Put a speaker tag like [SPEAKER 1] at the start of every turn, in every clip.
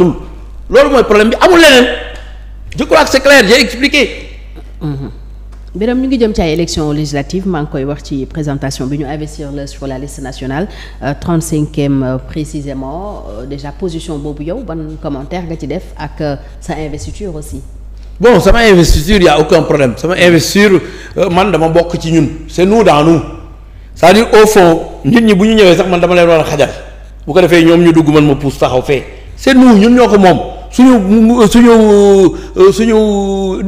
[SPEAKER 1] amatul
[SPEAKER 2] loolu mooy problème bi amul leneen je crois que c'est clair j'ai expliqué.
[SPEAKER 1] Mm-hmm. Birame ñu ngi jëm ci ay élections législatives maa ngi koy wax ci présentation bi ñu investir la sur la liste nationale euh, trente cinquième euh, précisément euh, déjà position boobu yow ban commentaire nga ci def ak sa investiture aussi.
[SPEAKER 2] bon sama investiture y a aucun problème sama investiture man dama bokk ci ñun c'est nous dans nous cest à au fond nit ñi bu ñu ñëwee sax man dama leen war a xajal bu ko defee ñoom dugg man ma pousse taxaw fee. seen moom ñun ñoo ko moom suñu suñu euh, suñu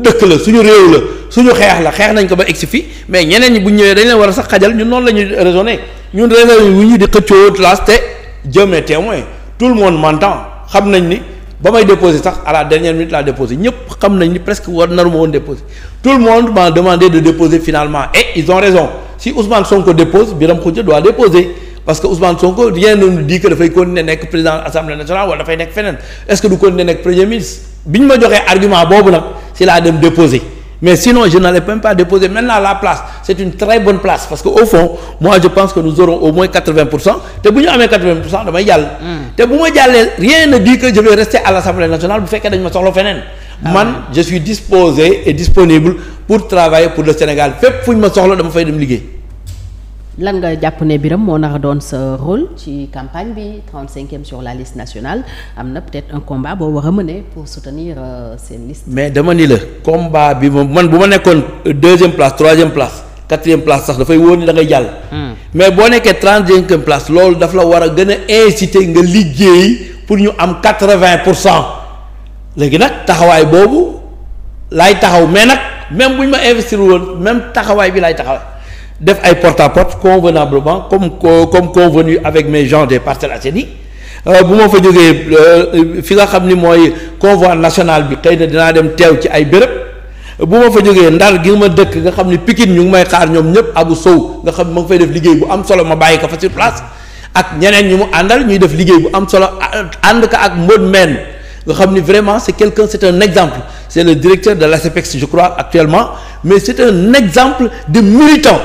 [SPEAKER 2] dëkk la suñu réew la suñu xeex la xeex nañ ko ba egsi fii mais ñeneen ñi bu ñëwee dañ leen war a sax xajal ñun noonu la ñuy raisonné ñun raisonné wu ñu di xëccoo classe te jëmee témoin tout le monde m'entend xam nañ ni ba may déposé sax à la dernière minute laa déposé ñëpp xam nañ ni presque war naruma woon déposé tout le monde m'a demandé de déposer finalement et ils ont raison si Ousmane Sonko dépose Biram Khoudia doit déposer parce que Ousmane Sonko rien ne nous dit que dafay continuer nekk président assemblée nationale wala dafay nekk feneen est ce que du continuer nekk premier ministre bi ñu ma joxee argument boobu nag si laa dem déposer mais sinon je n'allais même pas déposer maintenant la place c'est une très bonne place parce que au fond moi je pense que nous aurons au moins quatre-vingts pour cent te bu ñu amee quatre-vingts pour cent damay jàll. Hmm. te bu ma jàllee rien ne dit
[SPEAKER 1] lan nga jàpp ne biram moo nar a doon sa rôle ci campagne bi 35e sur la liste nationale am na peut-être un combat boo war a mener pour soutenir euh, seen liste.
[SPEAKER 2] mais dama ni la combat bi moom man bu ma nekkoon euh, deuxième place troisième place quatrième place sax dafay wóor ni da ngay jàll. Hmm. mais boo nekkee trente-cinquième place loolu daf la war a gën a inciter nga liggéey pour ñu am quatre-vingt pour cent léegi nag taxawaay boobu laay taxaw mais nag même bu ñu ma investir woon même taxawaay bi laay taxawaay. def ay porte à porte convenablement comme comme convenu avec mes gens des Parcelles Assainies euh, bu ma fa jógee euh, fi nga xam ni mooy convoi national bi xëy na dinaa dem teew ci ay bërëb bu ma fa jógee ndar gi ma dëkk nga xam ni Pikine ñu ngi may xaar ñoom ñëpp abu sow nga xam ma ngi fay def liggéey bu am solo ma bàyyi ko fa sur place ak ñeneen ñu mu àndal ñuy def liggéey bu am solo ànd ka ak Mbodj Mène nga xam ni vraiment c'est quelqu'un c'est un exemple c'est le directeur de l'ASEPEX je crois actuellement mais c'est un exemple de militant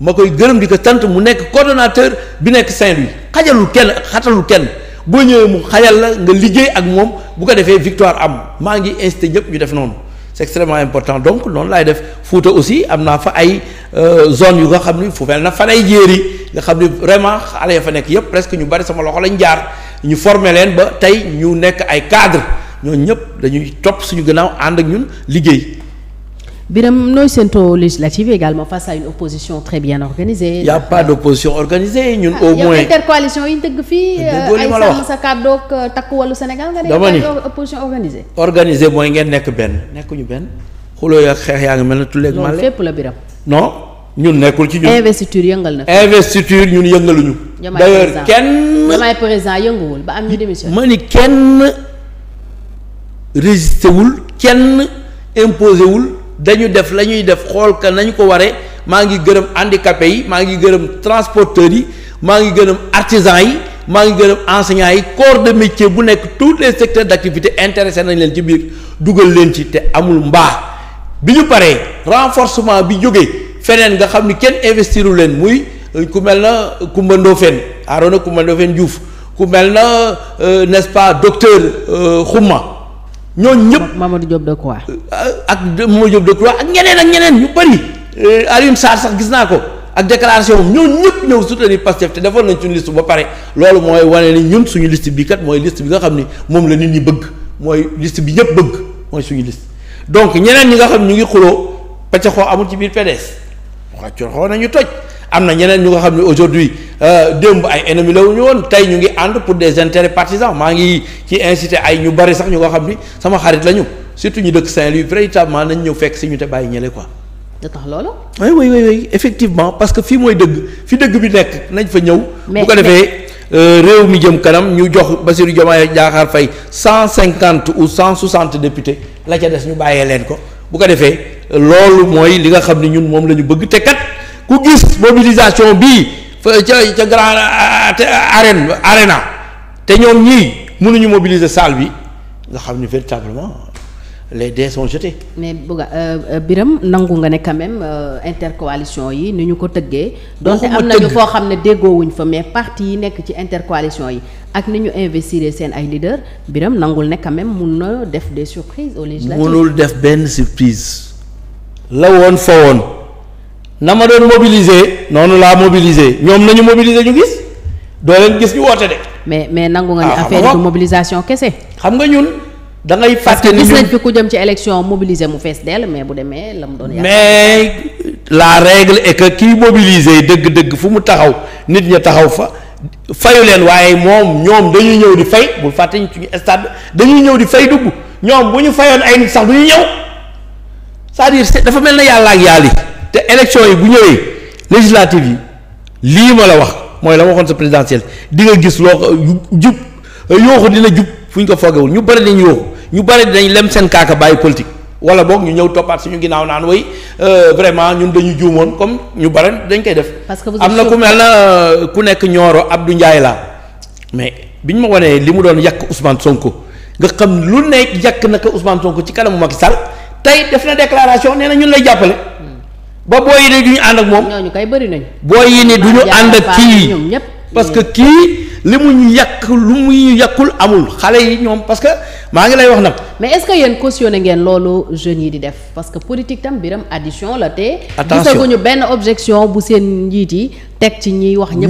[SPEAKER 2] ma koy gërëm di ko sant mu nekk coordonnateur bi nekk Saint-Louis xajalul kenn xatalul kenn boo ñëwee mu xajal la nga liggéey ak moom bu ko defee victoire am maa ngi incité ñëpp ñu def noonu c'est extrêmement important donc noonu laay def Fouta aussi am naa fa ay euh, zone yu nga xam ni fu mel na fan ay jéeri nga xam ni vraiment xale ya fa nekk yépp presque ñu bari sama loxo lañ jaar ñu former leen ba tey ñu nekk ay cadre ñooñu ñëpp dañuy topp suñu gannaaw ànd ak ñun liggéey
[SPEAKER 1] Birame nooy séentoo législative également face à une opposition très bien organisée. y' a pas d'
[SPEAKER 2] opposition organisée ñun ah, au moins. yow
[SPEAKER 1] intercoalition yi ñu dëgg fii. Euh, ay sàmm sa kàddu ak euh, takku wàllu Sénégal. dama ni nga ne opposition organisée.
[SPEAKER 2] organisée mooy ngeen nekk benn nekkuñu benn xuloo ya xeex yaa ngi mel ne tulleeg male. loolu fépp la Birame. non ñun nekkul ci ñun.
[SPEAKER 1] investiture yëngal na
[SPEAKER 2] fi. investiture ñun yëngaluñu.
[SPEAKER 1] d' ailleurs kenn. jamaay président yënguwul ba am ñu démission. ma ni kenn
[SPEAKER 2] résisté wul kenn imposé wul. dañu def la ñuy def xool ka nañ ko waree maa ngi gërëm handicapés yi maa ngi gërëm transporteurs yi maa ngi gërëm artisans yi maa ngi gërëm enseignants yi corps de métier bu nekk tous les secteurs d'activité intéressé nañ leen ci biir dugal leen ci te amul mbaa bi ñu paree renforcement bi jógee feneen nga xam ni kenn investiru leen muy euh, ku mel na Kumba euh, Ndofène Arona Kumba Ndofène Diouf ku mel na euh, n'est-ce pas docteur Xuma
[SPEAKER 1] ñooñu ñëpp Mamadou Diop Decroix
[SPEAKER 2] euh, ak Mamadou Diop Decroix ak ñeneen ak ñeneen ñu bëri euh, Alioune Sarr sax gis naa ko ak déclaration moom ñooñu ñëpp ñëw su soutenir Pastef te defoon nañ suñu liste ba pare loolu mooy wane ni ñun suñu list bi kat mooy list bi nga xam ni moom la nit ñi bëgg mooy list bi ñëpp bëgg mooy suñu liste donc ñeneen ñi nga xam ñu ngi xuloo xoo amul ci biir PDS xaccoo nañu toj am na ñeneen ñu nga xam ne aujourd'hui euh, démb ay ennemis la ñu woon tey ñu ngi ànd pour des intérêts partisans maa ngi ci incité ay ñu bari sax ñu nga xam ni sama xarit la ñu surtout ñu dëkk Saint-Louis véritablement nañ ñëw fekk si ñu te bàyyi ñële quoi. da tax loolu. oui oui oui effectivement parce que fii mooy dëgg fi dëgg bi nekk nañ fa ñëw. bu ko defee euh, réew mi jëm kanam ñu jox Bassirou Diomaye Diakhar Faye cent cinquante ou cent soixante députés la ca des ñu bàyyee leen ko bu ko defee loolu mooy li nga xam ne ñun moom la ñu bëgg te kat. ku gis mobilisation bii fa ca ca grand euh, arena te ñoom ñii mënuñu mobiliser salle bi nga xam ni véritablement les dés sont jetés.
[SPEAKER 1] mais Bouga euh, euh, biram nangu nga ne quand même intercoalition yi ni ñu ko tëggee. donte am nañu foo xam ne déggoowuñ fa mais partie yi nekk ci intercoalition yi ak ni ñu investir seen ay leaders Birame nangul ne quand mun na def des surprises aux législatives. mënul
[SPEAKER 2] def benn surprise. la woon fa woon. na ma doon mobiliser noonu laa mobiliser ñoom nañu mobiliser ñu gis doo leen gis ñu woote de.
[SPEAKER 1] mais mais nangu nga ni ah, affaire du mobilisation kese. xam nga ñun da ngay fàtte ni gis nañ fi ci élection mobiliser mu fees dell mais bu demee la mu doon.
[SPEAKER 2] mais la règle est que kiy mobiliser dëgg-dëgg fu mu taxaw nit ña taxaw fa fayu leen waaye moom ñoom dañuy ñëw di fay bu fàtte ñu ci stade dañuy ñëw di fay dugg ñoom bu ñu fayoon ay sax du ñu ñëw cest à dafa mel na yàlla ak yàlla yi te élection yi bu ñëwee législative yi lii ma la wax mooy la waxoon sa présidentielle di nga gis loo ko jub yooxu dina jub fu ñu ko foogewul ñu bëri dañ yooxu ñu bëri dinañ lem seen kaaka bàyyi politique wala boog ñu ñëw toppaat suñu ginnaaw naan way euh, vraiment ñun dañu juumoon comme ñu bare dañ koy def.
[SPEAKER 1] parce que am na ku mel
[SPEAKER 2] na euh, ku nekk Nioro Abdou njaay laa mais bi ñu ma wanee li mu doon yàkk Ousmane Sonko nga xam lu nekk yàq naka Ousmane Sonko ci kanamu Macky Sall tey def na déclaration nee na ñun lay jàppale. ba booy yi ne ñu ànd ak moom.
[SPEAKER 1] ñooñu bëri nañu. booy yi ne du ñu ànd ak kii
[SPEAKER 2] parce que kii li mu ñu yàq lu mu ñu yàqul amul xale yi ñoom
[SPEAKER 1] parce que maa ngi lay wax nag. mais est-ce que yéen cautionné ngeen loolu jeunes yi di def parce que politique tam biram addition la te. attention gisaguñu benn objection bu seen njiit yi teg ci ñiy wax ñëpp.